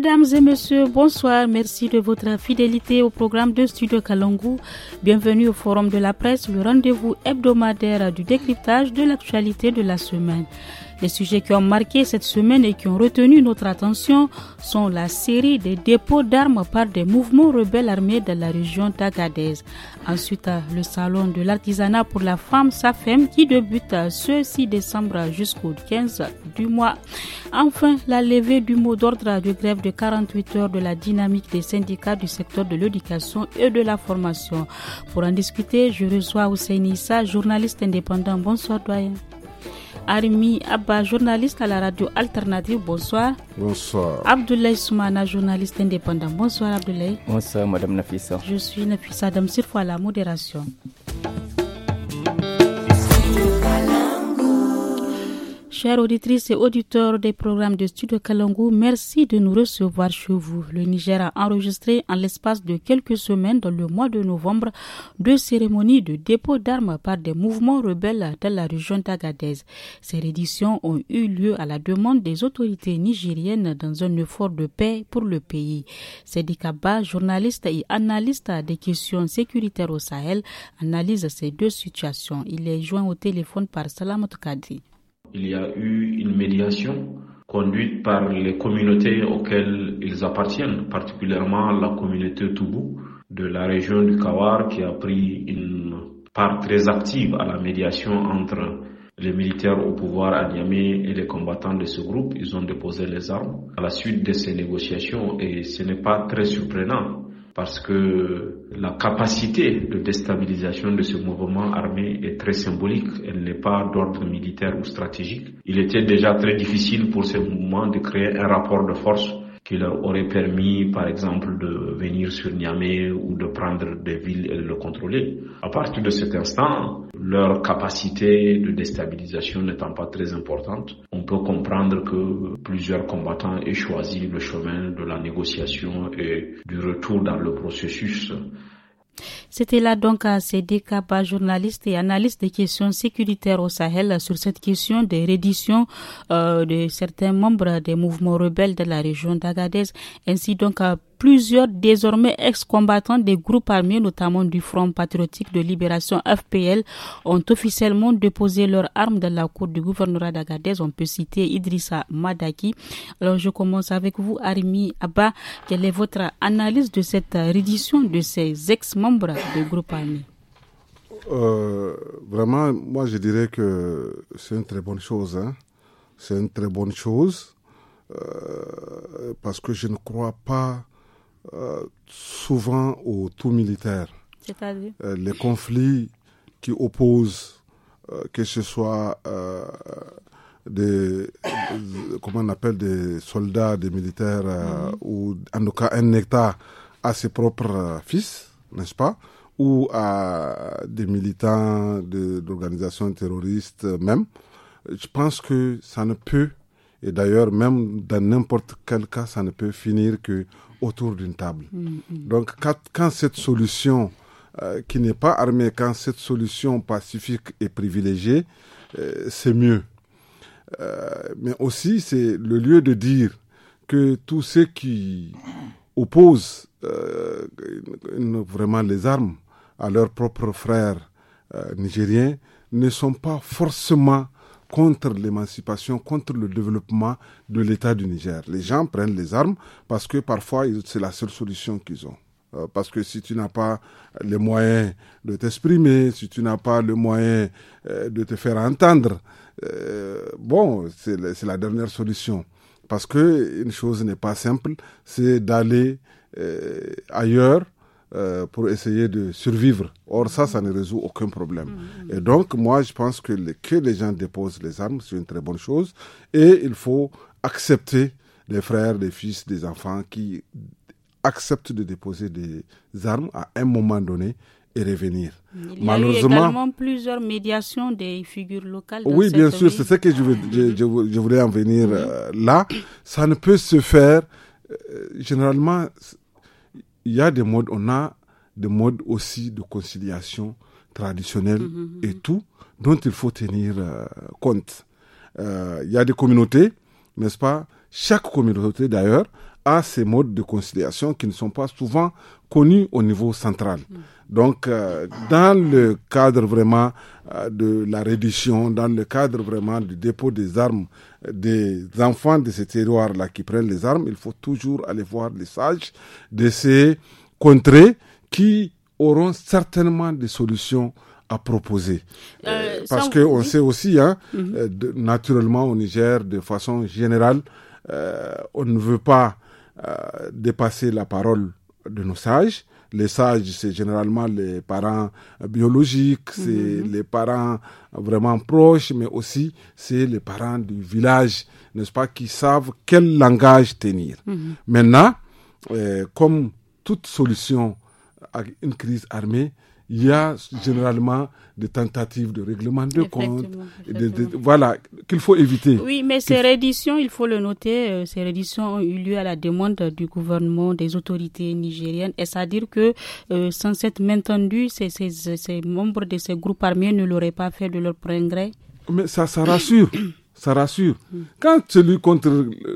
Mesdames et messieurs, bonsoir. Merci de votre fidélité au programme de Studio Kalangu. Bienvenue au Forum de la presse, le rendez-vous hebdomadaire du décryptage de l'actualité de la semaine. Les sujets qui ont marqué cette semaine et qui ont retenu notre attention sont la série des dépôts d'armes par des mouvements rebelles armés de la région d'Agadez. Ensuite, le salon de l'artisanat pour la femme SAFEM qui débute ce 6 décembre jusqu'au 15 du mois. Enfin, la levée du mot d'ordre de grève de 48 heures de la dynamique des syndicats du secteur de l'éducation et de la formation. Pour en discuter, je reçois Hussein Issa, journaliste indépendant. Bonsoir, doyen. Armi Abba, journaliste à la radio alternative, bonsoir. Bonsoir. Abdoulaye Soumana, journaliste indépendant. Bonsoir Abdoulaye. Bonsoir Madame Nafissa. Je suis Nafissa Adam Sirfo la modération. Chères auditrices et auditeurs des programmes de Studio Kalangu, merci de nous recevoir chez vous. Le Niger a enregistré en l'espace de quelques semaines, dans le mois de novembre, deux cérémonies de dépôt d'armes par des mouvements rebelles de la région d'Agadez. Ces redditions ont eu lieu à la demande des autorités nigériennes dans un effort de paix pour le pays. Sedi journaliste et analyste des questions sécuritaires au Sahel, analyse ces deux situations. Il est joint au téléphone par Salamat Kadri. Il y a eu une médiation conduite par les communautés auxquelles ils appartiennent, particulièrement la communauté Toubou de la région du Kawar qui a pris une part très active à la médiation entre les militaires au pouvoir à Niamey et les combattants de ce groupe. Ils ont déposé les armes à la suite de ces négociations et ce n'est pas très surprenant parce que la capacité de déstabilisation de ce mouvement armé est très symbolique, elle n'est pas d'ordre militaire ou stratégique. Il était déjà très difficile pour ce mouvement de créer un rapport de force qui leur aurait permis, par exemple, de venir sur Niamey ou de prendre des villes et de le contrôler. À partir de cet instant, leur capacité de déstabilisation n'étant pas très importante, on peut comprendre que plusieurs combattants aient choisi le chemin de la négociation et du retour dans le processus c'était là donc à Abba, journaliste et analyste des questions sécuritaires au Sahel, sur cette question des redditions euh, de certains membres des mouvements rebelles de la région d'Agadez, ainsi donc à plusieurs désormais ex-combattants des groupes armés, notamment du Front patriotique de libération FPL, ont officiellement déposé leurs armes dans la cour du gouvernorat d'Agadez. On peut citer Idrissa Madaki. Alors je commence avec vous, Arimi Abba. Quelle est votre analyse de cette reddition de ces ex-membres des groupes armés euh, Vraiment, moi je dirais que c'est une très bonne chose. Hein. C'est une très bonne chose. Euh, parce que je ne crois pas euh, souvent au tout militaire. C'est-à-dire euh, Les conflits qui opposent, euh, que ce soit des, comment on appelle, des soldats, des militaires, mm-hmm. ou en tout cas un État à ses propres fils, n'est-ce pas ou à des militants d'organisations terroristes même, je pense que ça ne peut, et d'ailleurs même dans n'importe quel cas, ça ne peut finir que autour d'une table. Mm, mm. Donc quand, cette solution euh, qui n'est pas armée, quand cette solution pacifique est privilégiée, euh, c'est mieux. Euh, mais aussi c'est le lieu de dire que tous ceux qui opposent vraiment les armes à leurs propres frères nigériens ne sont pas forcément contre l'émancipation, contre le développement de l'État du Niger. Les gens prennent les armes parce que parfois c'est la seule solution qu'ils ont. Euh, parce que si tu n'as pas les moyens de t'exprimer, si tu n'as pas le moyen euh, de te faire entendre, euh, bon, c'est la dernière solution. Parce que une chose n'est pas simple, c'est d'aller ailleurs euh, pour essayer de survivre. Or, ça, ça ne résout aucun problème. Mm-hmm. Et donc, moi, je pense que, les, que les gens déposent les armes, c'est une très bonne chose. Et il faut accepter les frères, les fils, des enfants qui acceptent de déposer des armes à un moment donné et revenir. Il y Malheureusement, a eu également plusieurs médiations des figures locales. oui, bien sûr, c'est ce que je, je, voulais en venir mm-hmm. euh, là. Ça ne peut se faire euh, généralement il y a des modes, on a des modes aussi de conciliation traditionnelle mhm, mhm, mhm. et tout, dont il faut tenir euh, compte. Euh, il y a des communautés, n'est-ce pas Chaque communauté d'ailleurs a ses modes de conciliation qui ne sont pas souvent connus au niveau central. Donc, euh, dans le cadre vraiment euh, de la reddition, dans le cadre vraiment du dépôt des armes euh, des enfants de ces terroirs-là qui prennent les armes, il faut toujours aller voir les sages de ces contrées qui auront certainement des solutions à proposer. parce que on sait aussi, hein, mhm. naturellement au Niger, de façon générale, on ne veut pas dépasser la parole de nos sages. Les sages, c'est généralement les parents biologiques, c'est mhm. les parents vraiment proches, mais aussi c'est les parents du village, n'est-ce pas, qui savent quel langage tenir. Mhm. Maintenant, euh, comme toute solution à une crise armée, il y a généralement des tentatives de règlement de compte, voilà, qu'il faut éviter. Oui, mais ces redditions, il faut le noter, euh, ces redditions ont eu lieu à la demande du gouvernement, des autorités nigériennes. c'est-à-dire que euh, sans cette main tendue, ces, membres de ces groupes armés ne l'auraient pas fait de leur plein gré. Mais ça, ça rassure ça rassure. Quand celui contre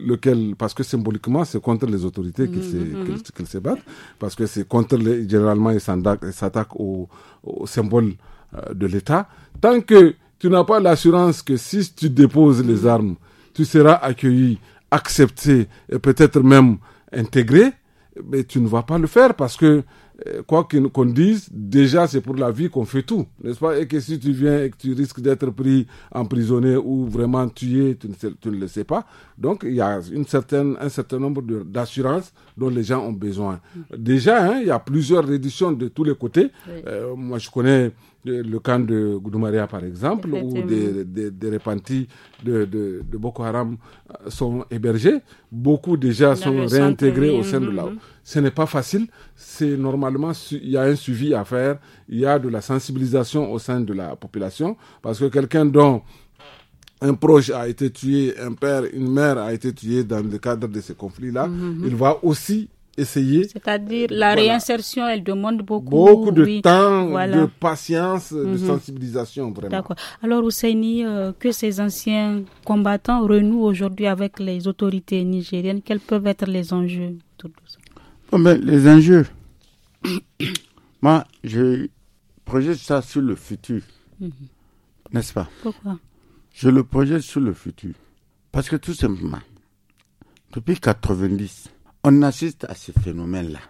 lequel, parce que symboliquement, c'est contre les autorités qu'ils se, se, battent, parce que c'est contre les, généralement, ils s'attaquent au, au, symbole euh, de l'État. Tant que tu n'as pas l'assurance que si tu déposes les mm-hmm. armes, tu seras accueilli, accepté et peut-être même intégré, mais eh ben, tu ne vas pas le faire parce que euh, quoi qu'on dise, déjà c'est pour la vie qu'on fait tout, n'est-ce pas Et que si tu viens et que tu risques d'être pris, emprisonné ou vraiment tué, tu ne, tu le sais pas. Donc il y a une certaine, un certain nombre d'assurances dont les gens ont besoin. Mm. Déjà, hein, il y a plusieurs réductions de tous les côtés. Euh, moi, je connais euh, le camp de Goudoumaria, par exemple, où des, des, repentis de, Boko Haram euh, sont hébergés. Beaucoup déjà sont réintégrés au sein de mm-hmm. la Ce n'est pas facile. C'est normalement, il y a un suivi à faire. Il y a de la sensibilisation au sein de la population. Parce que quelqu'un dont un proche a été tué, un père, une mère a été tuée dans le cadre de ces conflits-là, mm-hmm. il va aussi essayer. C'est-à-dire la réinsertion, elle demande beaucoup, de temps, de patience, de mhm. sensibilisation vraiment. D'accord. Alors Ousseini, euh, que ces anciens combattants renouent aujourd'hui avec les autorités nigériennes, quels peuvent être les enjeux ben, Les enjeux. Moi, je projette ça sur le futur. Mhm. N'est-ce pas Pourquoi Je le projette sur le futur. Parce que tout simplement, depuis 90, on assiste à ce phénomène-là.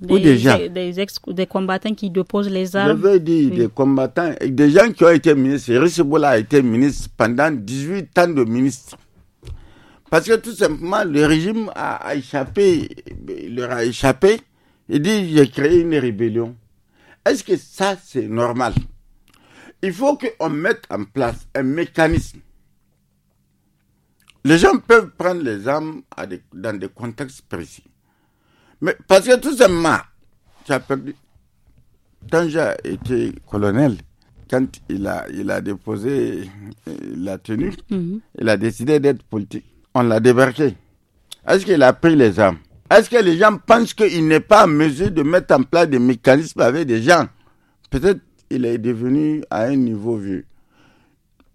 Des, déjà, des, combattants qui déposent les armes. Je veux dire, des combattants, des gens qui ont été ministres. Sebola a été ministre pendant 18 ans de ministre. Parce que tout simplement, le régime a, échappé, leur a échappé. Il dit, j'ai créé une rébellion. Est-ce que ça, c'est normal Il faut qu'on mette en place un mécanisme les gens peuvent prendre les armes dans des contextes précis. Mais parce que tout simplement, tu as perdu. Tanja était colonel, quand il a, déposé euh, la tenue, mhm. il a décidé d'être politique. On l'a débarqué. Est-ce qu'il a pris les armes Est-ce que les gens pensent qu'il n'est pas en mesure de mettre en place des mécanismes avec des gens Peut-être qu'il est devenu à un niveau vieux.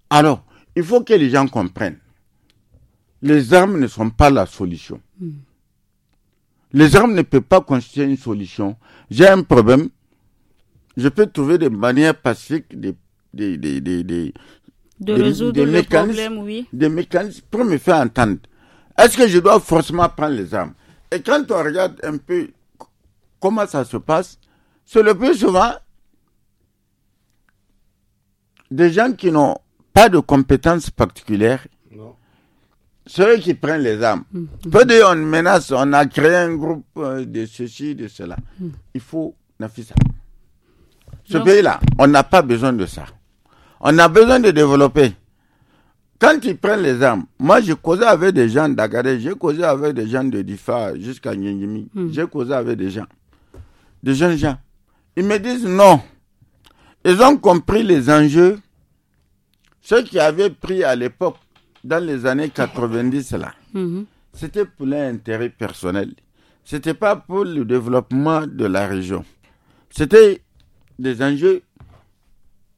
Alors, il faut que les gens comprennent les armes ne sont pas la solution. Hmm. Les armes ne peuvent pas constituer une solution. J'ai un problème. Je peux trouver des manières pacifiques, de résoudre le problème, oui. Des mécanismes pour me faire entendre. Est-ce que je dois forcément prendre les armes Et quand on regarde un peu comment ça se passe, c'est le plus souvent des gens qui n'ont pas de compétences particulières ceux qui prennent les armes. Mm. Peu de on menace, on a créé un groupe euh, de ceci, de cela. Mm. Il faut Nafisa. Ce pays-là, on n'a pas besoin de ça. On a besoin de développer. Quand ils prennent les armes, moi j'ai causé avec des gens d'Agadez, j'ai causé avec des gens de Difa jusqu'à Nyingimi, mm. j'ai causé avec des gens, des jeunes gens. Ils me disent non. Ils ont compris les enjeux. Ceux qui avaient pris à l'époque dans les années 90 là, c'était pour l'intérêt personnel. C'était pas pour le développement de la région. C'était des enjeux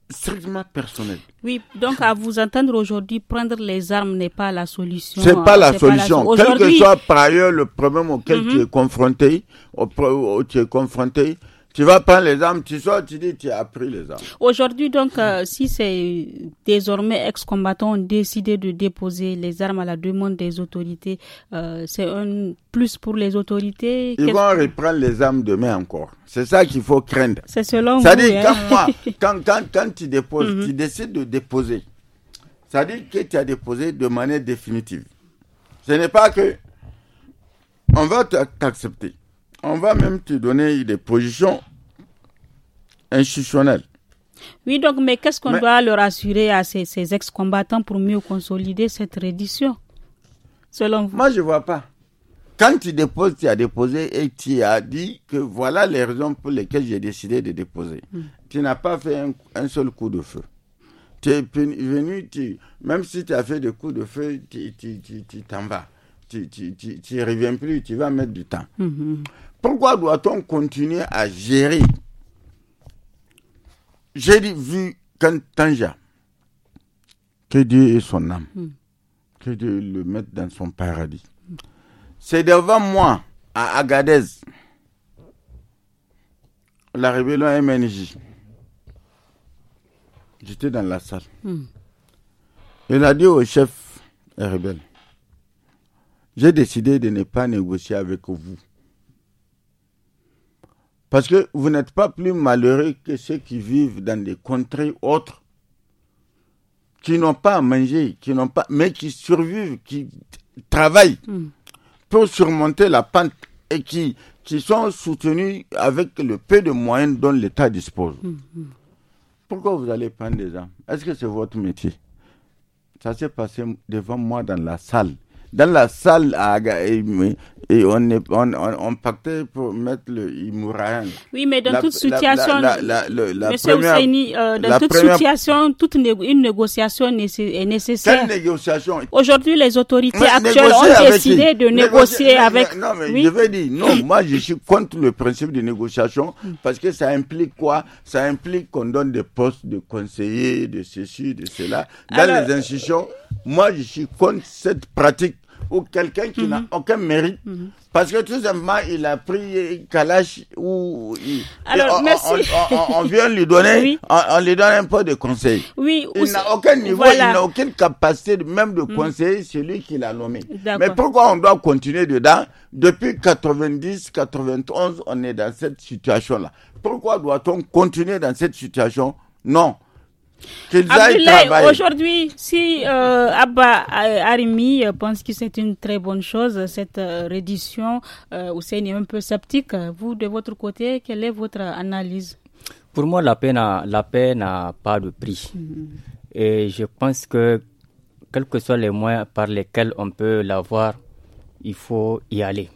strictement personnels. Oui, donc à vous entendre aujourd'hui, prendre les armes n'est pas la solution. C'est pas, hein, la solution. Quel que soit par ailleurs le problème auquel tu es mhm. confronté, tu es confronté, tu vas prendre les armes, tu sors, tu dis, tu as pris les armes. Aujourd'hui, donc, euh, si c'est désormais ex-combattants ont décidé de déposer les armes à la demande des autorités, euh, c'est un plus pour les autorités. Ils vont reprendre les armes demain encore. C'est ça qu'il faut craindre. C'est selon ça vous. Dit, hein. quand, quand, quand, quand, tu déposes, mhm. tu décides de déposer. Ça dit que tu as déposé de manière définitive. Ce n'est pas que on va t'accepter on va même te donner des positions institutionnelles. Oui, donc, mais qu'est-ce qu'on doit leur assurer à ces, ex-combattants pour mieux consolider cette reddition, selon vous Moi, je ne vois pas. Quand tu déposes, tu as déposé et tu as dit que voilà les raisons pour lesquelles j'ai décidé de déposer. Hmm. Tu n'as pas fait un, seul coup de feu. Tu es venu, tu, même si tu as fait des coups de feu, tu t'en vas. Tu ne reviens plus, tu vas mettre du temps. Mhm. Pourquoi doit-on continuer à gérer J'ai vu qu'un Tanja, que Dieu est son âme, hmm. que Dieu le mette dans son paradis. C'est devant moi, à Agadez, la rébellion MNJ. J'étais dans la salle. Hmm. Il a dit au chef rebelle, j'ai décidé de ne pas négocier avec vous parce que vous n'êtes pas plus malheureux que ceux qui vivent dans des contrées autres, qui n'ont pas à manger, qui n'ont pas, mais qui survivent, qui travaillent hmm. pour surmonter la pente et qui, qui sont soutenus avec le peu de moyens dont l'État dispose. Hmm, hmm. Pourquoi vous allez prendre des gens Est-ce que c'est votre métier Ça s'est passé devant moi dans la salle dans la salle à et on, est, on, on, partait pour mettre le Imourayan. Oui, mais dans toute situation, la, la, euh, dans toute situation, toute une négociation est nécessaire. Quelle négociation Aujourd'hui, les autorités actuelles ont décidé de négocier, avec. Non, mais je veux dire, non, moi je suis contre le principe de négociation parce que ça implique quoi Ça implique qu'on donne des postes de conseiller, de ceci, de cela. Dans les institutions, moi je suis contre cette pratique ou quelqu'un qui n'a mhm. aucun mérite, mhm. parce que tout simplement, il a pris Kalash ou Alors, on, merci. On, vient lui donner, on, lui donne un peu de conseil. Oui, il n'a aucun niveau, il n'a aucune capacité même de mhm. conseiller celui qui l'a nommé. Mais pourquoi on doit continuer dedans Depuis 90, 91, on est dans cette situation-là. Pourquoi doit-on continuer dans cette situation Non. Aujourd'hui, si euh, Abba euh, Arimi euh, pense que c'est une très bonne chose, cette reddition, ou Hussein un peu sceptique. Vous, de votre côté, quelle est votre analyse Pour moi, la paix n'a pas de prix. Mm-hmm. Et je pense que, quels que soient les moyens par lesquels on peut l'avoir, il faut y aller.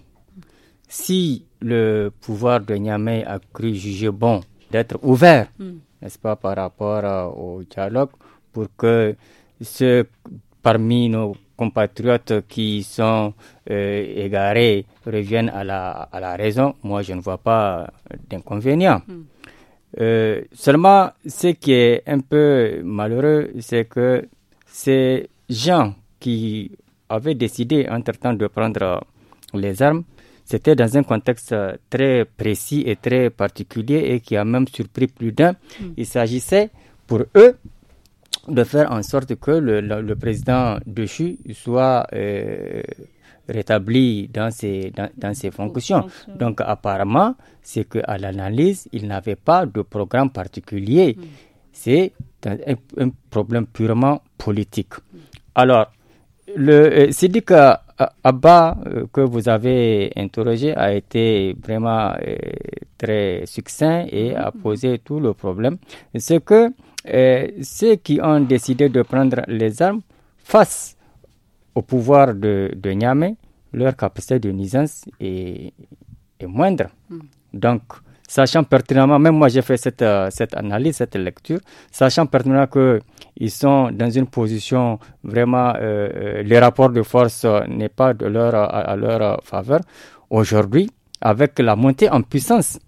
Si le pouvoir de Niamey a cru juger bon d'être ouvert, mm n'est-ce pas, par rapport euh, au dialogue, pour que ceux parmi nos compatriotes qui sont euh, égarés reviennent à la, à la, raison, moi je ne vois pas d'inconvénient. Hmm. Euh, seulement, ce qui est un peu malheureux, c'est que ces gens qui avaient décidé entre-temps de prendre les armes c'était dans un contexte euh, très précis et très particulier et qui a même surpris plus d'un. Mm. Il s'agissait pour eux de faire en sorte que le, le, président Dechu soit euh, rétabli dans ses, dans, ses fonctions. Donc apparemment, c'est qu'à l'analyse, il n'avait pas de programme particulier. Mm. C'est un, problème purement politique. Mm. Alors, le que euh, euh, Abba euh, que vous avez interrogé a été vraiment très succinct et a mhm. posé tout le problème. C'est que ceux qui ont décidé de prendre les armes face au pouvoir de, de Niamey, leur capacité de nuisance est, est moindre. Mhm. Donc, sachant pertinemment, même moi j'ai fait cette, euh, cette analyse, cette lecture, sachant pertinemment qu'ils sont dans une position vraiment, euh, euh, les rapports de force n'est pas de leur, à, leur faveur. Aujourd'hui, avec la montée en puissance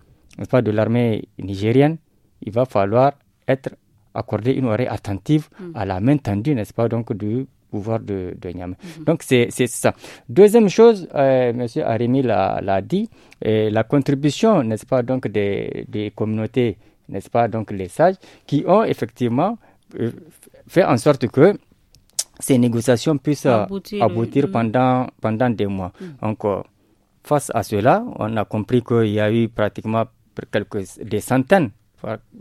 pas, de l'armée nigérienne, il va falloir être accordé une oreille attentive mm. à la main tendue, n'est-ce pas, donc du de, de mhm. Donc c'est ça. Deuxième chose, M. Euh, Monsieur l'a dit, la contribution, n'est-ce pas, donc des, des communautés, n'est-ce pas, donc les sages, qui ont effectivement euh, fait en sorte que ces négociations puissent aboutir, euh, pendant, pendant des mois mm. encore. Face à cela, on a compris qu'il y a eu pratiquement quelques, des centaines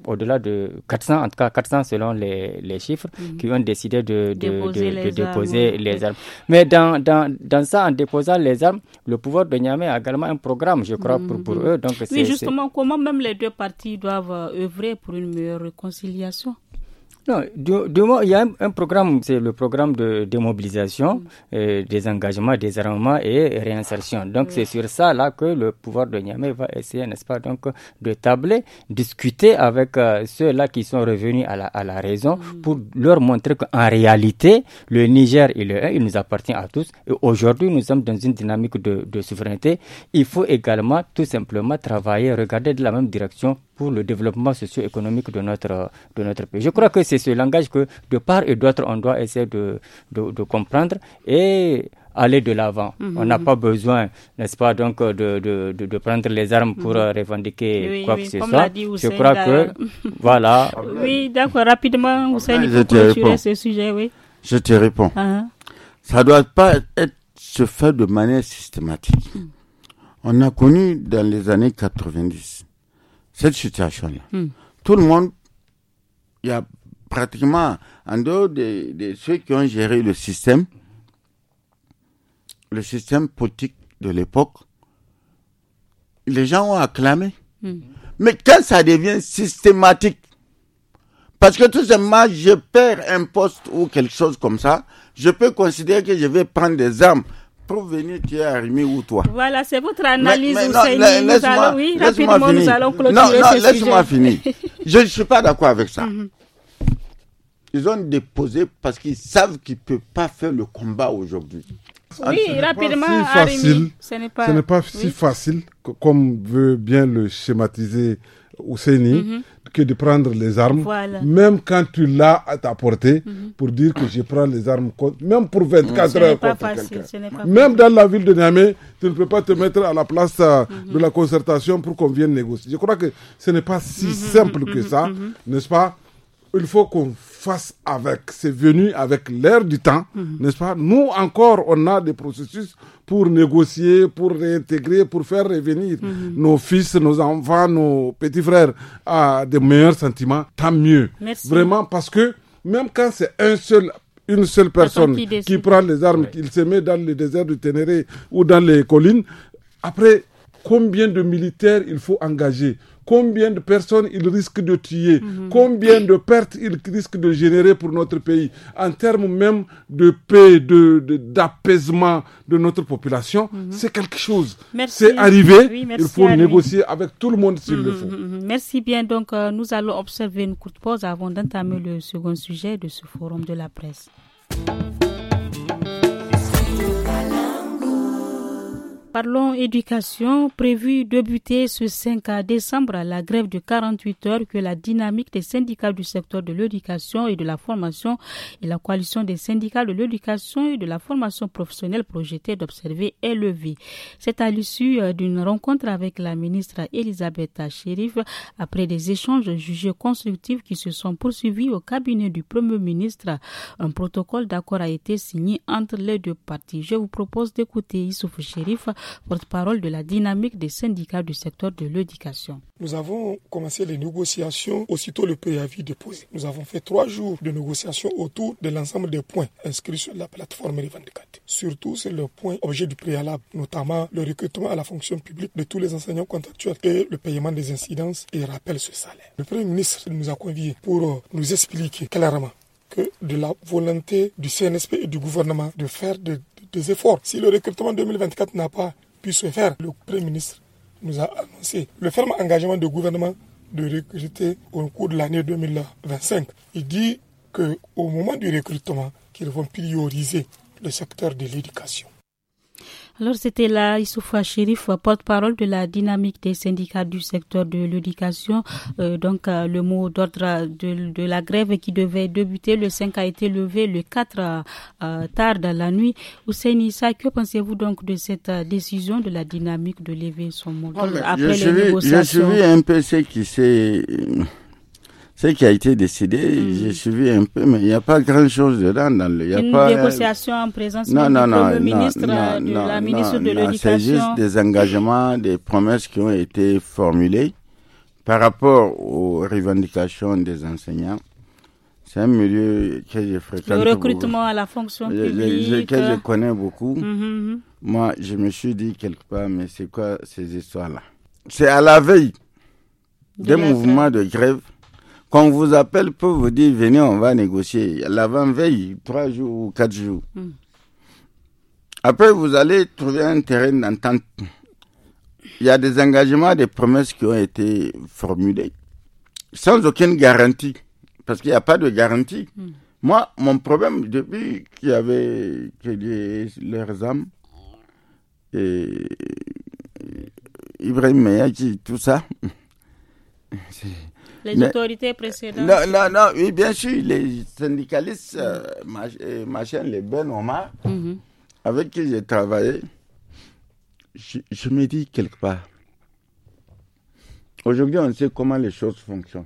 au-delà de 400, en tout cas 400 selon les, chiffres, mhm. qui ont décidé de, de déposer, les, armes. Mais dans, dans, dans, ça, en déposant les armes, le pouvoir de Niamey a également un programme, je crois, pour, mhm. eux. Donc oui, justement, comment même les deux parties doivent euh, œuvrer pour une meilleure réconciliation non, du, du, il y a un, programme, c'est le programme de démobilisation, mm. euh, des engagements, désengagement, désarmement et réinsertion. Donc mm. c'est sur ça là que le pouvoir de Niamey va essayer, n'est-ce pas, donc de tabler, discuter avec euh, ceux-là qui sont revenus à la, à la raison mm. pour leur montrer qu'en réalité, le Niger, il il nous appartient à tous. Et aujourd'hui, nous sommes dans une dynamique de, de souveraineté. Il faut également tout simplement travailler, regarder de la même direction le développement socio-économique de notre, de notre pays. Je crois que c'est ce langage que, de part et d'autre, on doit essayer de, comprendre et aller de l'avant. Mhm. On n'a pas besoin, n'est-ce pas, donc de, prendre les armes pour mhm. euh, revendiquer quoi oui, que ce soit. Je crois que voilà. Oui, d'accord. Rapidement, Hussein, il ce sujet, oui. Je te réponds. Ah, hein. Ça ne doit pas être, se faire de manière systématique. Mm. On a connu dans les années 90 cette situation-là. Hmm. Tout le monde, il y a pratiquement, en dehors de, ceux qui ont géré le système, le système politique de l'époque, les gens ont acclamé. Hmm. Mais quand ça devient systématique, parce que tout simplement, je perds un poste ou quelque chose comme ça, je peux considérer que je vais prendre des armes pour venir, tu es ou toi Voilà, c'est votre analyse, mais, non, oui, rapidement, nous allons clôturer Non, non, laisse-moi finir. Je ne suis pas d'accord avec ça. Ils ont déposé parce qu'ils savent qu'ils ne peuvent pas faire le combat aujourd'hui. Oui, ah, rapidement, pas facile, ce n'est pas, ce pas si facile comme veut bien le schématiser Ousseini. Mhm que de prendre les armes, même quand tu l'as à ta portée, mhm. pour dire que je prends les armes, même pour 24 heures contre quelqu'un. Même dans la ville de Niamey, tu ne peux pas te mettre à la place euh, mhm. de la concertation pour qu'on vienne négocier. Je crois que ce n'est pas si mhm. simple que ça, n'est-ce pas Il faut qu'on face avec. C'est venu avec l'air du temps, mhm. n'est-ce pas Nous encore, on a des processus pour négocier, pour réintégrer, pour faire revenir mhm. nos fils, nos enfants, nos petits frères à des meilleurs sentiments. Tant mieux. Vraiment, parce que même quand c'est un seul une seule personne qui, prend les armes, qu'il se met dans le désert du Ténéré ou dans les collines, après, combien de militaires il faut engager combien de personnes il risque de tuer, mhm. combien de pertes il risque de générer pour notre pays, en termes même de paix, d'apaisement de, d'apaisement de, notre population, mhm. c'est quelque chose. C'est arrivé, il faut négocier avec tout le monde s'il le mhm, faut. Merci bien, donc euh, nous allons observer une courte pause avant d'entamer le second sujet de ce forum de la presse. Parlons éducation, prévu débuter ce 5 décembre la grève de 48 heures que la dynamique des syndicats du secteur de l'éducation et de la formation et la coalition des syndicats de l'éducation et de la formation professionnelle projetée d'observer est levée. C'est à l'issue euh, d'une rencontre avec la ministre Elisabeth Chérif après des échanges jugés constructifs qui se sont poursuivis au cabinet du Premier ministre. Un protocole d'accord a été signé entre les deux parties. Je vous propose d'écouter Issouf Chérif porte-parole de la dynamique des syndicats du secteur de l'éducation. Nous avons commencé les négociations aussitôt le préavis déposé. Nous avons fait trois jours de négociations autour de l'ensemble des points inscrits sur la plateforme revendicative. Surtout sur le point objet du préalable, notamment le recrutement à la fonction publique de tous les enseignants contractuels et le paiement des incidences et rappel ce salaire. Le Premier ministre nous a conviés pour euh, nous expliquer clairement de la volonté du CNSP et du gouvernement de faire des efforts. Si le recrutement 2024 n'a pas pu se faire, le Premier ministre nous a annoncé le ferme engagement du gouvernement de recruter au cours de l'année 2025. Il dit qu'au moment du recrutement, qu'ils vont prioriser le secteur de l'éducation. Alors c'était là Issoufa Chérif, porte-parole de la dynamique des syndicats du secteur de l'éducation. Euh, donc euh, le mot d'ordre de, la grève qui devait débuter le 5 a été levé le 4 euh, tard dans la nuit. Hussein Issa, que pensez-vous donc de cette décision de la dynamique de lever son mot d'ordre après les négociations un peu qui s'est ce qui a été décidé, hmm. j'ai suivi un peu, mais il n'y a pas grand-chose dedans. Il y a Une pas, négociation en présence non, ministre, de la ministre de l'Éducation. C'est juste des engagements, des promesses qui ont été formulées par rapport aux revendications des enseignants. C'est un milieu que je fréquente. Le recrutement beaucoup. à la fonction publique. que je euh. connais beaucoup. Mhm, mhm. Moi, je me suis dit quelque part, mais c'est quoi ces histoires-là C'est à la veille des mouvements de grève quand on vous appelle pour vous dire venez, on va négocier. L'avant-veille, trois jours ou quatre jours. Hmm. Après, vous allez trouver un terrain d'entente. Il y a des engagements, des promesses qui ont été formulées sans aucune garantie, parce qu'il n'y a pas de garantie. Hmm. Moi, mon problème, depuis qu'il y avait que les, leurs âmes, et Ibrahim dit tout ça, c'est... Les autorités précédentes. Non, non, oui, bien sûr, les syndicalistes, euh, euh, ma chaîne les Ben Omar, mhm. avec qui j'ai travaillé, je, me dis quelque part, aujourd'hui, on sait comment les choses fonctionnent.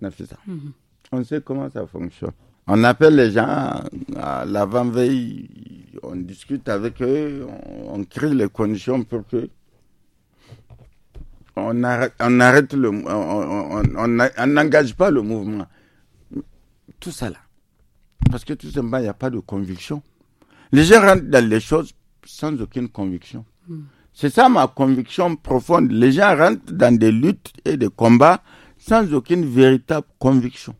On, mhm. on sait comment ça fonctionne. On appelle les gens à l'avant-veille, on discute avec eux, on crée les conditions pour que on arrête, on arrête le, on n'engage pas le mouvement. Tout ça là. Parce que tout simplement, il n'y a pas de conviction. Les gens rentrent dans les choses sans aucune conviction. Hmm. C'est ça ma conviction profonde. Les gens rentrent dans des luttes et des combats sans aucune véritable conviction.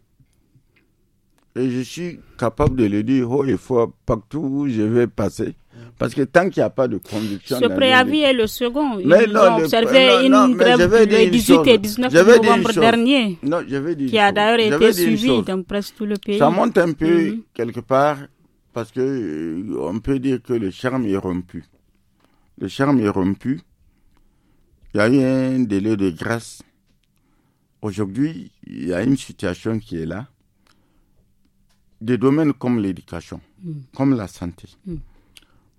Et je suis capable de le dire haut et fort partout où je vais passer. Parce que tant qu'il n'y a pas de conviction. Ce préavis est le second. Ils mais ont observé une grève le 18 et 19 novembre dernier. Non, Qui a d'ailleurs été suivie dans presque tout le pays. Ça monte un peu, mhm. quelque part, parce qu'on euh, peut dire que le charme est rompu. Le charme est rompu. Il y a eu un délai de grâce. Aujourd'hui, il y a une situation qui est là. Des domaines comme l'éducation, mm. comme la santé. Mm.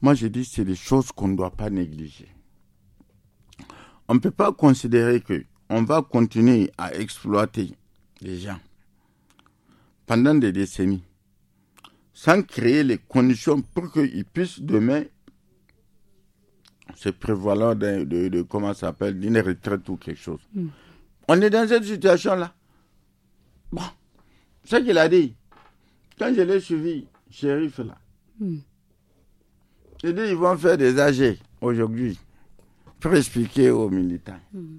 Moi, je dis, c'est des choses qu'on ne doit pas négliger. On ne peut pas considérer que on va continuer à exploiter les gens pendant des décennies sans créer les conditions pour qu'ils puissent demain se prévaloir de, comment ça s'appelle d'une retraite ou quelque chose. Hmm. On est dans cette situation là. Bon, c'est ce qu'il a dit. Quand je l'ai suivi, shérif là, hmm. Ils vont faire des AG aujourd'hui pour expliquer aux militants. Hmm.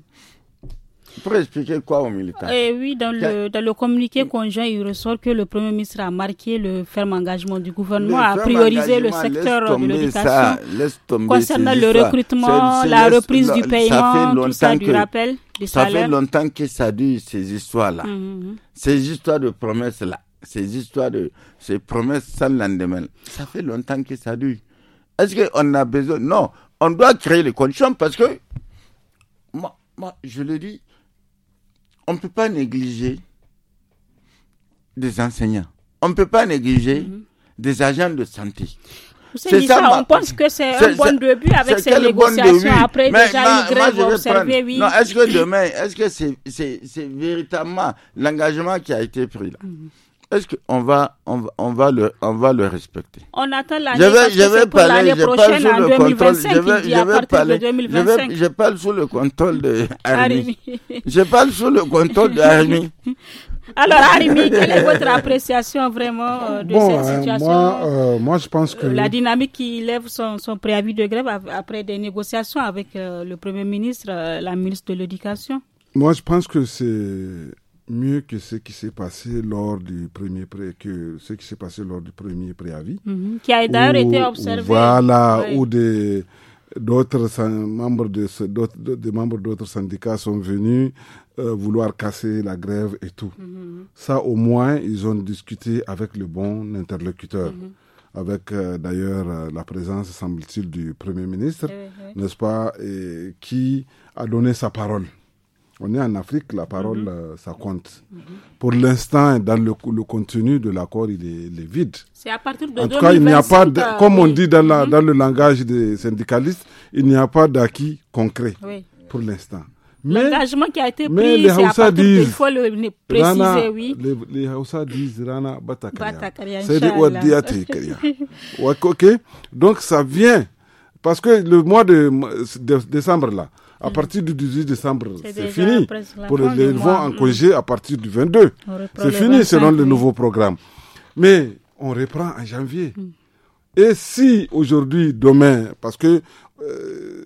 Pour expliquer quoi aux militants eh Oui, dans le, dans le communiqué conjoint, il ressort que le Premier ministre a marqué le ferme engagement du gouvernement à prioriser le secteur de l'éducation concernant le recrutement, la reprise du paiement, tout ça, du rappel fait longtemps que ça dure ces histoires-là. Hum, hum, hum. Ces histoires de promesses-là, ces histoires de ces promesses sans lendemain. Ça fait longtemps que ça dure. Est-ce qu'on a besoin Non, on doit créer les conditions parce que, moi, je le dis, on ne peut pas négliger des enseignants. On ne peut pas négliger mhm. des agents de santé. C'est ça, ça on pense que c'est un bon début avec ces négociations. Après, déjà, une grève Non, est-ce que demain, est-ce que c'est véritablement l'engagement qui a été pris là mhm est-ce qu'on va, on, va le, on va le respecter On attend l'année parce prochaine, en 2025, je vais, de 2025. Je, parle sous le contrôle de Arimi. je parle sous le contrôle de Arimi. Alors Arimi, quelle est votre appréciation vraiment euh, de cette euh, situation euh, La dynamique qui lève son, son préavis de grève après des négociations avec le Premier ministre, la ministre de l'Éducation Moi, je pense que c'est mieux que ce qui s'est passé lors du premier que ce qui s'est passé lors du premier préavis, mhm. qui a d'ailleurs été observé. voilà, où des d'autres membres de d'autres membres d'autres syndicats sont venus euh, vouloir casser la grève et tout. Mhm. Ça au moins ils ont discuté avec le bon interlocuteur. Mhm. avec euh, d'ailleurs euh, la présence, semble-t-il, du Premier ministre, eh eh n'est-ce pas, et qui a donné sa parole. On est en Afrique, la parole, mhm. euh, ça compte. Pour l'instant, dans le, contenu de l'accord, il, est, vide. C'est à partir de En il n'y a pas, comme on dit mhm. dans, le langage des syndicalistes, il n'y a pas d'acquis concret pour l'instant. L'engagement qui a été pris, les partir disent, il faut le préciser, Rana, oui. Les, les disent Rana C'est des Donc ça vient, parce que le mois de décembre là, à mhm. partir du 18 décembre, c'est fini. Pour les, ils vont en congé à partir du 22. C'est fini selon le nouveau programme. Mais on reprend en janvier. Mhm. Et si aujourd'hui, demain, parce que euh,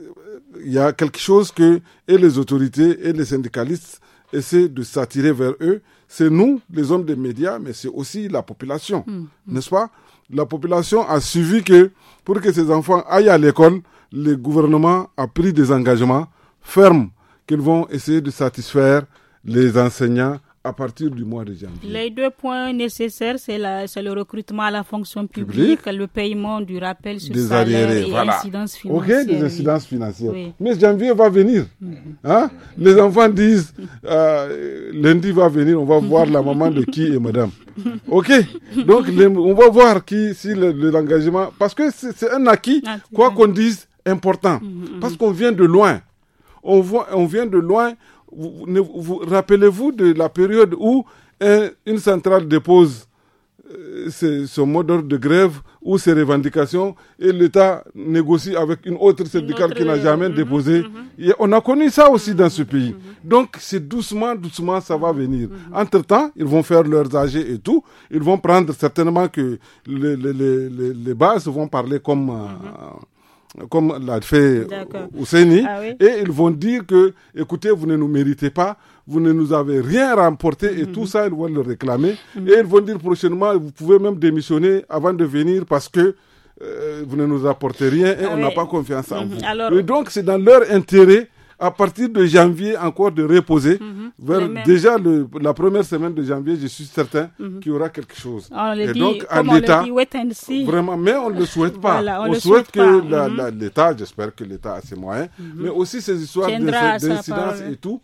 il y a quelque chose que et les autorités et les syndicalistes essaient de s'attirer vers eux, c'est nous, les hommes des médias, mais c'est aussi la population, mhm. n'est-ce pas La population a suivi que pour que ces enfants aillent à l'école, le gouvernement a pris des engagements ferme qu'ils vont essayer de satisfaire les enseignants à partir du mois de janvier. Les deux points nécessaires, c'est le recrutement à la fonction publique, le paiement du rappel sur salaire et incidences financières. Ok, Mais janvier va venir. Mhm. Hein? Les enfants disent, euh, lundi va venir, on va voir la maman de qui et madame. Ok, donc on va voir qui, si l'engagement, parce que c'est un acquis, ah, quoi qu'on dise, important, mhm, mhm. parce qu'on vient de loin on, on vient de loin. Vous, rappelez-vous de la période où une centrale dépose son euh, ce mot d'ordre de grève ou ses revendications et l'État négocie avec une autre syndicale qui n'a euh, jamais mhm, déposé. Mhm. on a connu ça aussi mhm, dans ce pays. Donc c'est doucement, doucement, ça va venir. Entre-temps, ils vont faire leurs AG et tout. Ils vont prendre certainement que les, bases vont parler comme... Euh, comme l'a fait euh, Ousseini, ah et ils vont dire que, écoutez, vous ne nous méritez pas, vous ne nous avez rien remporté, et mhm. tout ça, ils vont le réclamer. Mhm. Et ils vont dire prochainement, vous pouvez même démissionner avant de venir parce que euh, vous ne nous apportez rien et ah on n'a pas confiance en mhm. vous. donc, c'est dans leur intérêt à partir de janvier encore de reposer. Mhm. vers déjà la première semaine de janvier, je suis certain mhm. qu'il y aura quelque chose. On dit, donc, à l'État, vraiment, mais on ne le souhaite pas. on, souhaite, souhaite que mhm. l'État, j'espère que l'État a ses moyens, mais aussi ces histoires d'incidence et tout,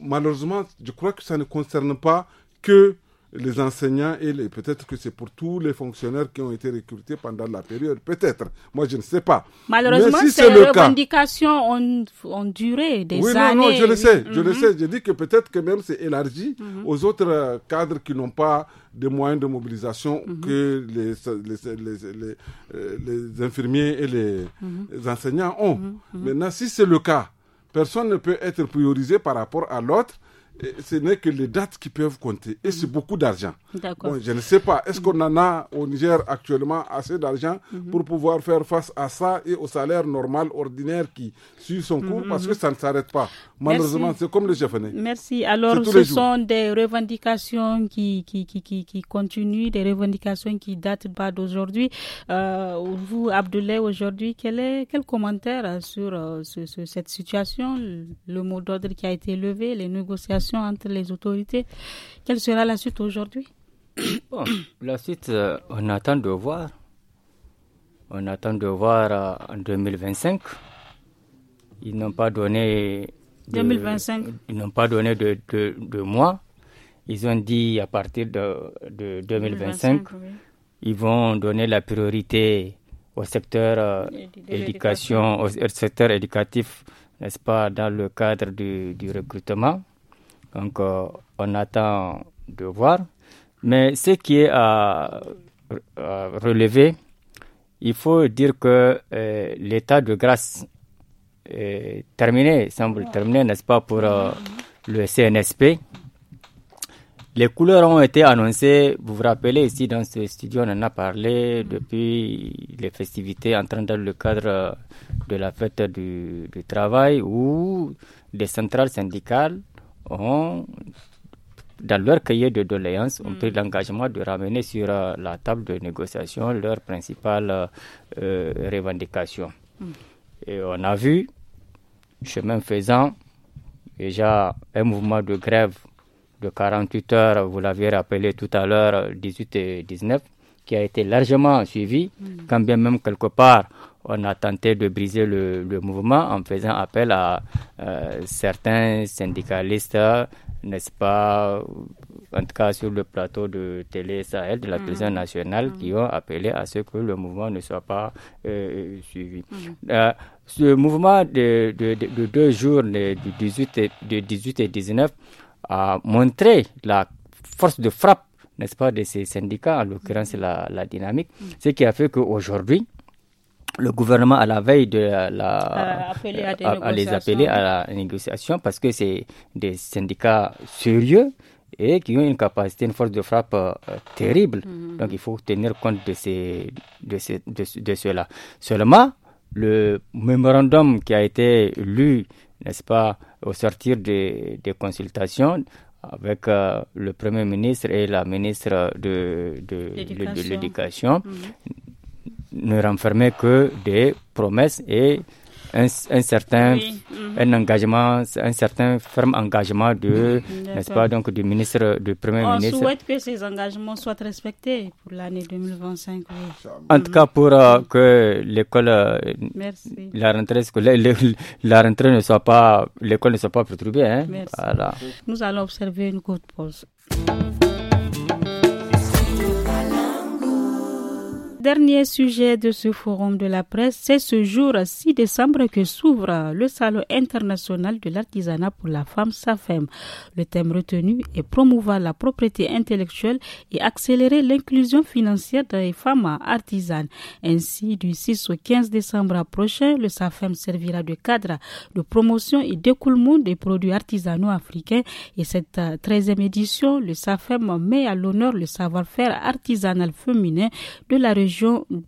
malheureusement, je crois que ça ne concerne pas que les enseignants et peut-être que c'est pour tous les fonctionnaires qui ont été recrutés pendant la période, peut-être. Moi, je ne sais pas. Malheureusement, si ces revendications ont, duré des années. Oui, non, non, je le sais, je le mhm. sais. Je dis que peut-être que même c'est élargi mhm. aux autres euh, cadres qui n'ont pas de moyens de mobilisation mhm. que les, euh, les, infirmiers et les, enseignants ont. Maintenant, si c'est le cas, personne ne peut être priorisé par rapport à l'autre ce n'est que les dates qui peuvent compter. Et c'est mhm. beaucoup d'argent. je ne sais pas. Est-ce qu'on mhm. en a au Niger actuellement assez d'argent mhm. pour pouvoir faire face à ça et au salaire normal, ordinaire qui suit son cours Parce que ça ne s'arrête pas. Malheureusement, c'est comme le japonais. Merci. Alors, ce sont des revendications qui, qui, qui, continuent, des revendications qui datent pas d'aujourd'hui. Euh, vous, Abdoulaye, aujourd'hui, quel, est, quel commentaire sur euh, cette situation, le mot d'ordre qui a été levé, les négociations entre les autorités. Quelle sera la suite aujourd'hui La suite, euh, on attend de voir. On attend de voir euh, en 2025. Ils n'ont pas donné. De, 2025. Ils n'ont pas donné de, de, mois. Ils ont dit à partir de, de 2025, ils vont donner la priorité au secteur euh, éducation, au secteur éducatif, n'est-ce pas, dans le cadre du recrutement. Donc, euh, on attend de voir. Mais ce qui est à, relever, il faut dire que euh, l'état de grâce est terminé, semble terminé, n'est-ce pas, pour euh, le CNSP. Les couleurs ont été annoncées, vous vous rappelez, ici dans ce studio, on en a parlé mm. depuis les festivités en train dans le cadre de la fête du, travail ou des centrales syndicales ont, dans leur cahier de doléances, ont pris mm. l'engagement de ramener sur euh, la table de négociation leurs principales euh, revendications. Mm. Et on a vu, chemin faisant, déjà un mouvement de grève de 48 heures, vous l'avez rappelé tout à l'heure, 18 et 19, qui a été largement suivi, mm. quand bien même quelque part on a tenté de briser le, mouvement en faisant appel à euh, certains syndicalistes, n'est-ce pas, en tout cas sur le plateau de Télé Sahel de la mm. nationale, qui mm. ont appelé à ce que le mouvement ne soit pas euh, suivi. Le euh, ce mouvement de, deux jours, du 18 et, de 18 et 19, a montré la force de frappe n'est-ce pas, de ces syndicats, en l'occurrence mm-hmm. la, la, dynamique, mm. ce qui a fait qu'aujourd'hui, le gouvernement à la veille de la, à, les appeler à la négociation parce que c'est des syndicats sérieux et qui ont une capacité, une force de frappe euh, terrible. Mm-hmm. Donc il faut tenir compte de, ces, de, ces, cela. Seulement, le mémorandum qui a été lu, n'est-ce pas, au sortir des, des consultations, avec euh, le Premier ministre et la ministre de, l'Éducation, ne mhm. renfermait que des promesses et un, certain mhm. un engagement, un certain ferme engagement de, mhm, n'est-ce pas, donc du ministre, du Premier ministre. On souhaite que ces engagements soient respectés pour l'année 2025. En tout cas, pour euh, que l'école, euh, la rentrée scolaire, la rentrée ne soit pas, l'école ne soit pas perturbée. Hein. Merci. Voilà. Nous allons observer une courte pause. Dernier sujet de ce forum de la presse, c'est ce jour 6 décembre que s'ouvre le Salon international de l'artisanat pour la femme SAFEM. Le thème retenu est promouvoir la propriété intellectuelle et accélérer l'inclusion financière des femmes artisanes. Ainsi, du 6 au 15 décembre prochain, le SAFEM servira de cadre de promotion et d'écoulement des produits artisanaux africains et cette 13e édition, le SAFEM met à l'honneur le savoir-faire artisanal féminin de la région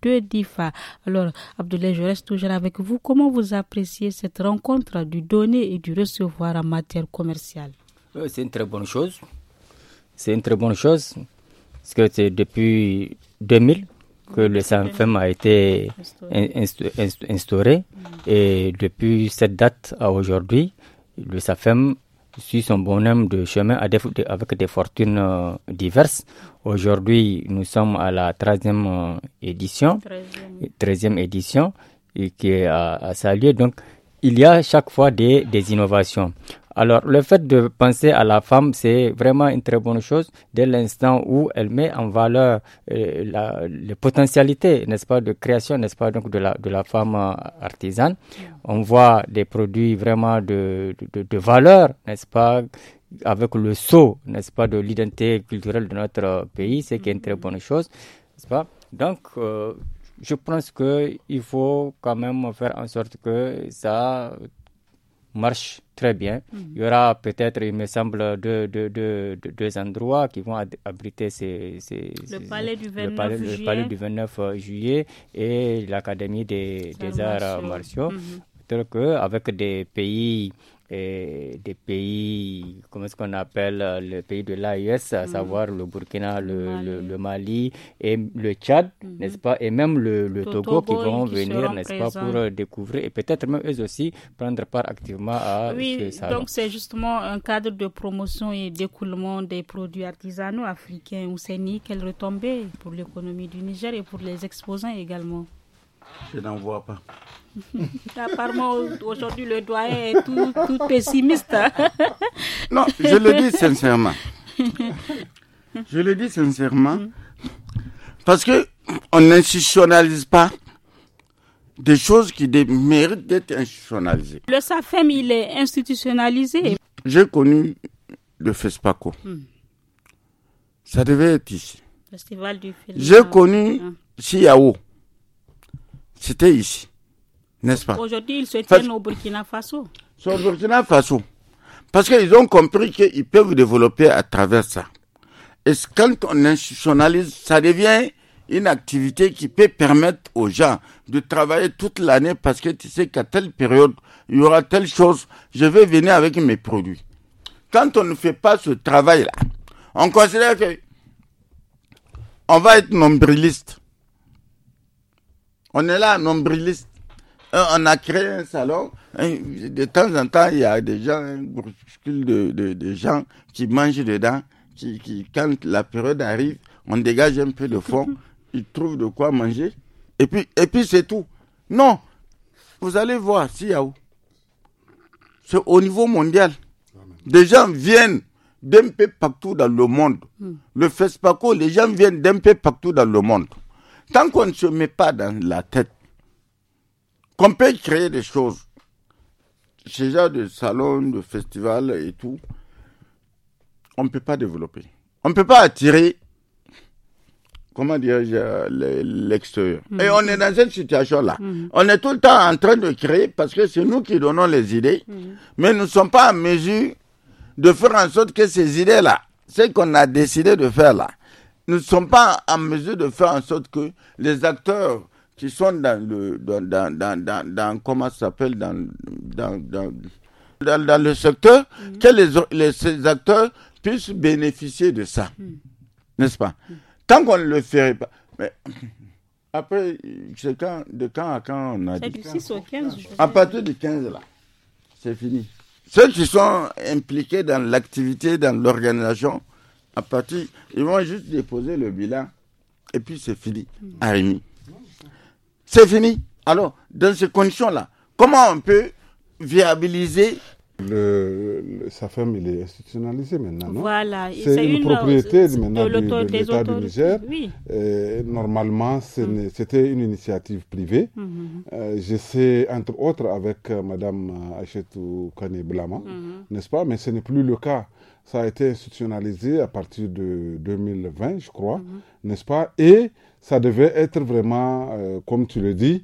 de Difa. Alors, Abdoulaye, je reste toujours avec vous. Comment vous appréciez cette rencontre du donner et du recevoir en matière commerciale euh, C'est une très bonne chose. C'est une très bonne chose. Parce que c'est depuis 2000 que le SAFEM a été instauré. Mm. Et depuis cette date à aujourd'hui, le SAFEM suit son bonhomme de chemin avec des fortunes euh, diverses. Aujourd'hui, nous sommes à la 13e euh, édition, 13e, édition, et qui est à, sa saluer. Donc, il y a chaque fois des, innovations. Alors, le fait de penser à la femme, c'est vraiment une très bonne chose dès l'instant où elle met en valeur euh, la, les potentialités, n'est-ce pas, de création, n'est-ce pas, donc de la, de la femme euh, artisane. On voit des produits vraiment de, de, de valeur, n'est-ce pas, avec le sceau, n'est-ce pas, de l'identité culturelle de notre euh, pays, ce qui est une très bonne chose, n'est-ce pas Donc, euh, je pense qu'il faut quand même faire en sorte que ça marche très bien. Mm-hmm. Il y aura peut-être, il me semble, deux, deux, deux endroits qui vont abriter ces, le, palais du 29 du 29 juillet et l'Académie des, arts euh, martiaux. Mm avec des pays et des pays, comment est-ce qu'on appelle euh, le pays de l'AIS, e à mm. savoir le Burkina, le, Mali, et le Tchad, mm-hmm. n'est-ce pas, et même le, Togo, qui vont venir, n'est-ce pas, pour euh, découvrir et peut-être même eux aussi prendre part activement à oui, Donc c'est justement un cadre de promotion et d'écoulement des produits artisanaux africains. ou Ousseini, quelle retombait pour l'économie du Niger et pour les exposants également je n'en vois pas. Apparemment, aujourd'hui, le doigt est tout, pessimiste. non, je le dis sincèrement. Je le dis sincèrement. Parce que on n'institutionnalise pas des choses qui méritent d'être institutionnalisées. Le SAFEM, il est institutionnalisé. J'ai connu le FESPACO. Ça devait être ici. J'ai connu ah. Siao c'était ici. N'est-ce pas Aujourd'hui, ils se tiennent au Burkina Faso. au Burkina Faso. Parce qu'ils ont compris qu'ils peuvent développer à travers ça. Et quand on institutionnalise, ça devient une activité qui peut permettre aux gens de travailler toute l'année parce que tu sais qu'à telle période, il y aura telle chose, je vais venir avec mes produits. Quand on ne fait pas ce travail-là, on considère que on va être nombriliste. On est là, nombriliste. On a créé un salon. De temps en temps, il y a des gens, un groupuscule de, de, gens qui mangent dedans, qui, quand la période arrive, on dégage un peu de fond, ils trouvent de quoi manger, et puis, et puis c'est tout. Non, vous allez voir, si y a où. C'est au niveau mondial. Des gens viennent d'un peu partout dans le monde. Le FESPACO, les gens viennent d'un peu partout dans le monde. Tant qu'on ne se met pas dans la tête qu'on peut créer des choses, ces genre de salons, de festivals et tout, on ne peut pas développer. On ne peut pas attirer, comment dirais l'extérieur. Mm. Et on est dans cette situation-là. Mm. On est tout le temps en train de créer parce que c'est nous qui donnons les idées, mm. mais nous ne sommes pas en mesure de faire en sorte que ces idées-là, ce qu'on a décidé de faire là, nous ne sommes pas en mesure de faire en sorte que les acteurs qui sont dans le dans, dans, dans, dans comment ça s'appelle dans dans, le secteur mhm. que les, ces acteurs puissent bénéficier de ça mhm. n'est-ce pas mhm. tant qu'on ne le ferait pas mais après c'est quand de quand à quand on a dit du 6 au 15 à partir du 15 là c'est fini ceux qui sont impliqués dans l'activité dans l'organisation à partir, ils vont juste déposer le bilan et puis c'est fini, C'est fini. Alors, dans ces conditions-là, comment on peut viabiliser le, sa femme, il est institutionnalisée maintenant. Non voilà, c'est une, propriété maintenant de, l'État du Niger. Oui. Euh, normalement, hum. c'était une initiative privée. Hum, hum, euh, je sais, entre autres, avec euh, Madame Achetou Kane Blama, n'est-ce pas Mais ce n'est plus le cas. Ça a été institutionnalisé à partir de 2020, je crois, mhm. n'est-ce pas Et ça devait être vraiment, euh, comme tu le dis,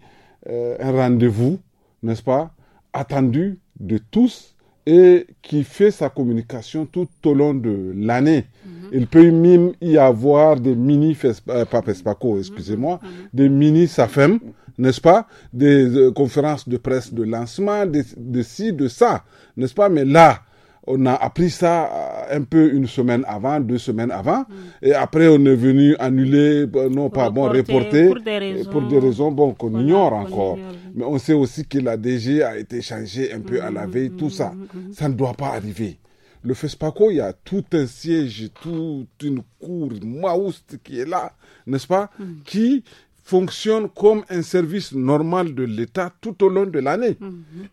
euh, un rendez-vous, n'est-ce pas, attendu de tous et qui fait sa communication tout au long de l'année. Mhm. Il peut même y avoir des mini euh, mhm. excusez-moi, des mini SAFEM, n'est-ce pas Des euh, conférences de presse de lancement, de, de ci, de ça, n'est-ce pas Mais là, on a appris ça euh, un peu une semaine avant, deux semaines avant. Et après, on est venu annuler, euh, non pas bon, reporter, pour des euh, raisons, pour des raisons bon, qu'on ignore encore. Mais on sait aussi que la DG a été changée un peu à la mm, veille, mm, tout ça. Mm, ça ne doit pas arriver. Le FESPACO, il y a tout un siège, toute une cour maouste qui est là, n'est-ce pas, qui fonctionne comme un service normal de l'État tout au long de l'année.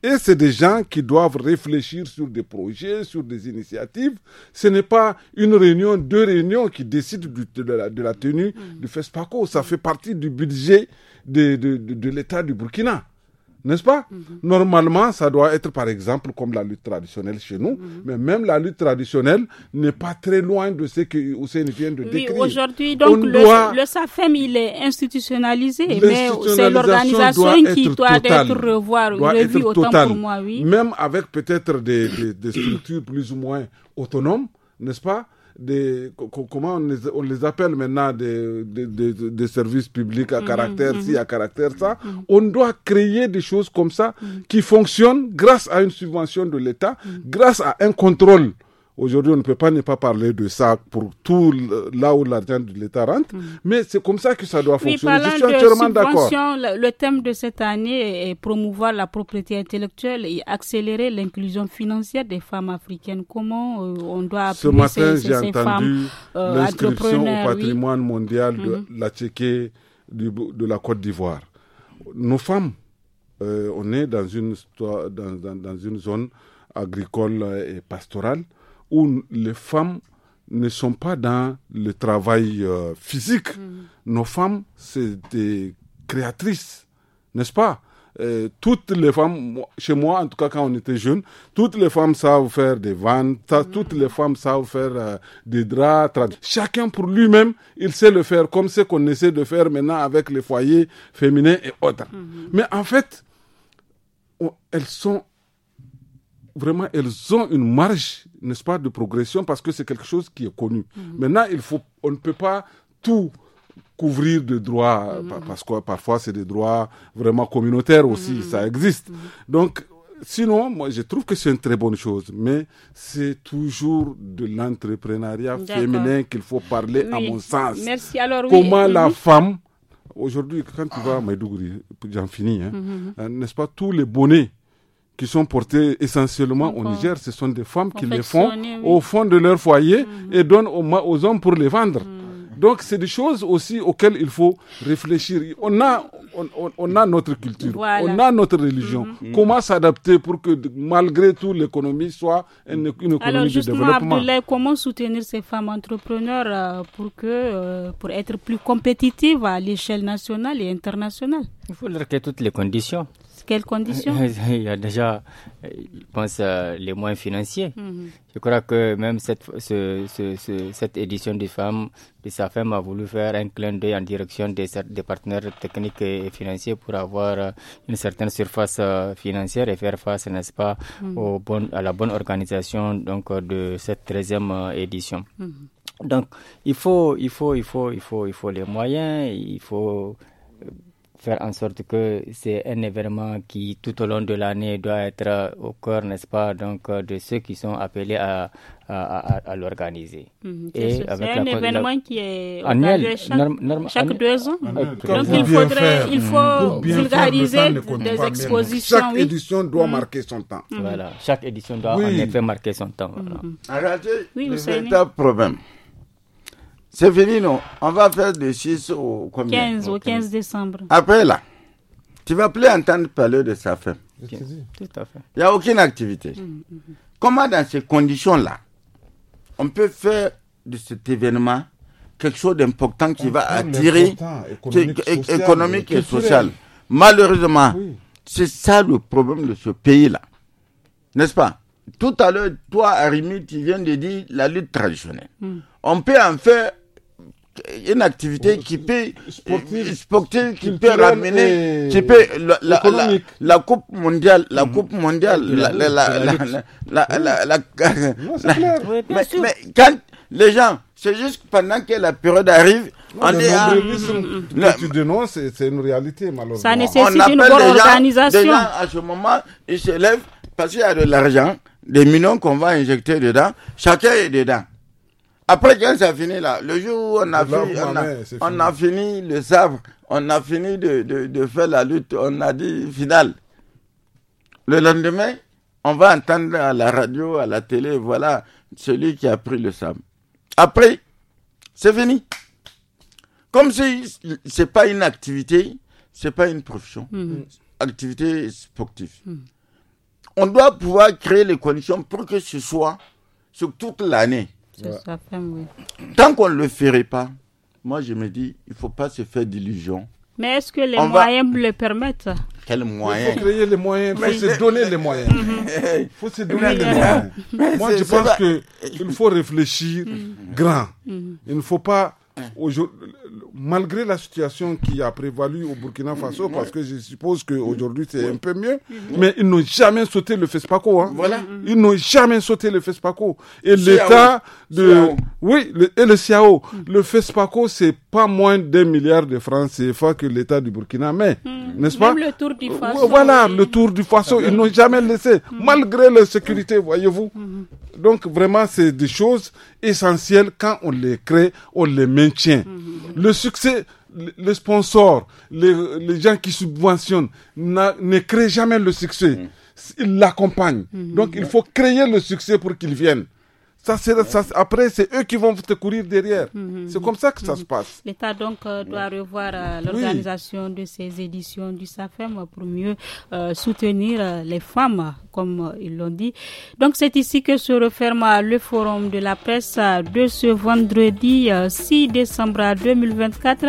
Et c'est des gens qui doivent réfléchir sur des projets, sur des initiatives. Ce n'est pas une réunion, deux réunions qui décident de, la, tenue du FESPACO. Ça fait partie du budget de l'État du Burkina. N'est-ce pas mhm. Normalement, ça doit être par exemple comme la lutte traditionnelle chez nous, mhm. mais même la lutte traditionnelle n'est pas très loin de ce que Hussein vient de décrire. aujourd'hui, donc le, SAFEM, il est institutionnalisé, mais c'est l'organisation qui doit être revoir, revue, autant pour moi, oui. Même avec peut-être des, des structures plus ou moins autonomes, n'est-ce pas des, comment on les, appelle maintenant des, services publics à mm-hmm. caractère ci, mm-hmm. à caractère ça. Mm-hmm. On doit créer des choses comme ça qui fonctionnent grâce à une subvention de l'État, grâce à un contrôle Aujourd'hui, on ne peut pas ne pas parler de ça pour tout là où l'argent de l'État rentre, mm. mais c'est comme ça que ça doit fonctionner. Je suis entièrement d'accord. Le thème de cette année est promouvoir la propriété intellectuelle et accélérer l'inclusion financière des femmes africaines. Comment euh, on doit appuyer Ce matin, j'ai entendu euh, l'inscription au patrimoine mondial de mm-hmm. la Tchéquée, de la Côte d'Ivoire. Nos femmes, euh, on est dans une zone agricole et pastorale où les femmes ne sont pas dans le travail euh, physique. Mm. Nos femmes, c'est des créatrices, n'est-ce pas euh, toutes les femmes, chez moi en tout cas quand on était jeune, toutes les femmes savent faire des vannes, mm. toutes les femmes savent faire euh, des draps. Chacun pour lui-même, il sait le faire comme ce qu'on essaie de faire maintenant avec les foyers féminins et autres. Mm-hmm. Mais en fait, elles sont vraiment, elles ont une marge, n'est-ce pas, de progression parce que c'est quelque chose qui est connu. Mhm. Maintenant, il faut, on ne peut pas tout couvrir de droits, mhm. parce que parfois c'est des droits vraiment communautaires aussi, mhm. ça existe. Donc, sinon, moi, je trouve que c'est une très bonne chose, mais c'est toujours de l'entrepreneuriat féminin qu'il faut parler, à mon sens. Merci. Alors, oui. Comment la femme, aujourd'hui, quand tu vas à Maïdougouri, j'en finis, hein, euh, n'est-ce pas, tous les bonnets qui sont portées essentiellement au Niger, ce sont des femmes qui les font au fond de leur foyer mhm. et donnent aux, hommes pour les vendre. Mhm. Donc, c'est des choses aussi auxquelles il faut réfléchir. On a, on, a notre culture, on a notre religion. Mhm. Comment s'adapter pour que, malgré tout, l'économie soit une, économie de développement comment soutenir ces femmes entrepreneurs euh, pour, que, euh, pour être plus compétitives à l'échelle nationale et internationale Il faut leur créer toutes les conditions quelles conditions Il y a déjà, je pense, euh, les moyens financiers. Mhm. Je crois que même cette, cette édition des femmes, de sa femme a voulu faire un clin d'œil en direction des, des, partenaires techniques et financiers pour avoir euh, une certaine surface euh, financière et faire face, n'est-ce pas, mhm. au bon, à la bonne organisation donc, de cette 13e édition. Mhm. Donc, il faut, il faut, il faut, il faut, il faut les moyens, il faut faire en sorte que c'est un événement qui, tout au long de l'année, doit être au cœur, n'est-ce pas, donc euh, de ceux qui sont appelés à, à, l'organiser. c'est un événement qui est annuel, chaque, deux ans. donc il, faudrait, il mhm. faut vulgariser des expositions. Chaque édition doit mhm. marquer son temps. Mhm. Voilà, chaque édition doit en effet marquer son temps. Voilà. un le véritable problème, c'est fini, non On va faire des 6 au combien 15, au 15 décembre. Après, là, tu vas plus entendre parler de sa femme. Tout à fait. Il n'y a aucune activité. Mm, mm, mm. Comment, dans ces conditions-là, on peut faire de cet événement quelque chose d'important qui va attirer économique, et, social Malheureusement, c'est ça le problème de ce pays-là. N'est-ce pas Tout à l'heure, toi, Arimi, tu viens de dire la lutte traditionnelle. On peut en faire euh, une activité qui peut euh, sportive, qui peut ramener qui peut la, la, coupe mondiale la coupe mondiale la mhm. la la la mais, quand les gens c'est juste pendant que la période arrive on tu dénonces c'est une réalité malheureusement ça nécessite on une bonne organisation les gens, à ce moment ils se lèvent parce qu'il y a de l'argent des millions qu'on va injecter dedans chacun est dedans après quand a fini là, le jour où on a, fini, on a, fini le sabre, on a fini de, faire la lutte, on a dit final, Le lendemain, on va entendre à la radio, à la télé, voilà celui qui a pris le sabre. Après, c'est fini. Comme si c'est pas une activité, c'est pas une profession, hmm. Hmm. activité sportive. Hmm. On doit pouvoir créer les conditions pour que ce soit sur toute l'année Tant qu'on ne le ferait pas, moi je me dis, il ne faut pas se faire d'illusions. Mais est-ce que les moyens le permettent Quels moyens Il faut créer les moyens, il faut se donner les moyens. Mhm. Il faut se donner les moyens. Moi je pense qu'il faut réfléchir mhm. grand. Mhm. Il ne faut pas malgré la situation qui a prévalu au Burkina Faso, parce que je suppose qu'aujourd'hui c'est un peu mieux, mais ils n'ont jamais sauté le FESPACO. Hein. Voilà. Ils n'ont jamais sauté le FESPACO. Et l'État de. Oui, le, et le CIAO. Le FESPACO, c'est pas moins d'un milliard de francs CFA que l'État du Burkina mais, hmm. N'est-ce pas le tour du Faso. Euh, voilà, le tour du Faso. Ah, ils ben. n'ont jamais laissé, hmm. malgré la sécurité, voyez-vous. Hmm. Donc vraiment, c'est des choses essentiels quand on les crée, on les maintient. Mhm. Le succès, le sponsor les, les gens qui subventionnent ne créent jamais le succès. Mhm. Ils l'accompagnent. Mhm. Donc il faut créer le succès pour qu'ils viennent c'est, après, c'est eux qui vont te courir derrière. Mhm, mhm. c'est comme ça que ça se mhm. passe. L'État, donc, euh, doit revoir euh, l'organisation de ces éditions du SAFEM pour mieux euh, soutenir les femmes, comme ils l'ont dit. Donc, c'est ici que se referme le forum de la presse de ce vendredi 6 décembre 2024.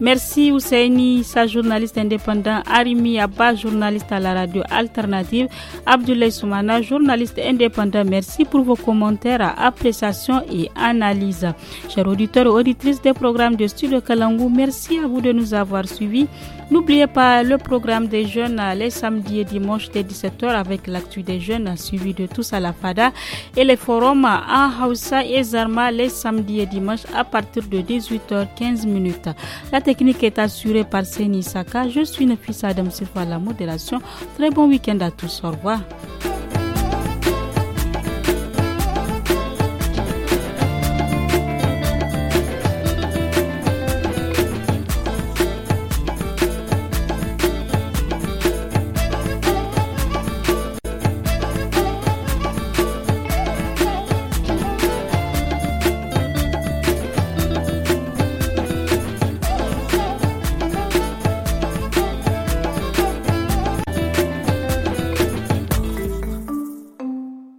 Merci Ousseini, sa journaliste indépendante, Arimi Abba, journaliste à la radio alternative, Abdoulaye Soumana, journaliste indépendant. Merci pour vos commentaires appréciation et analyse. Chers auditeurs et auditrices des programmes de Studio Kalangou, merci à vous de nous avoir suivis. N'oubliez pas le programme des jeunes les samedis et dimanches dès 17h avec l'actu des jeunes suivi de tous à la FADA et les forums à Hausa et Zarma les samedis et dimanches à partir de 18h15. La technique est assurée par Seni Saka. Je suis Nefissa Adam Sifa. à la modération. Très bon week-end à tous. Au revoir.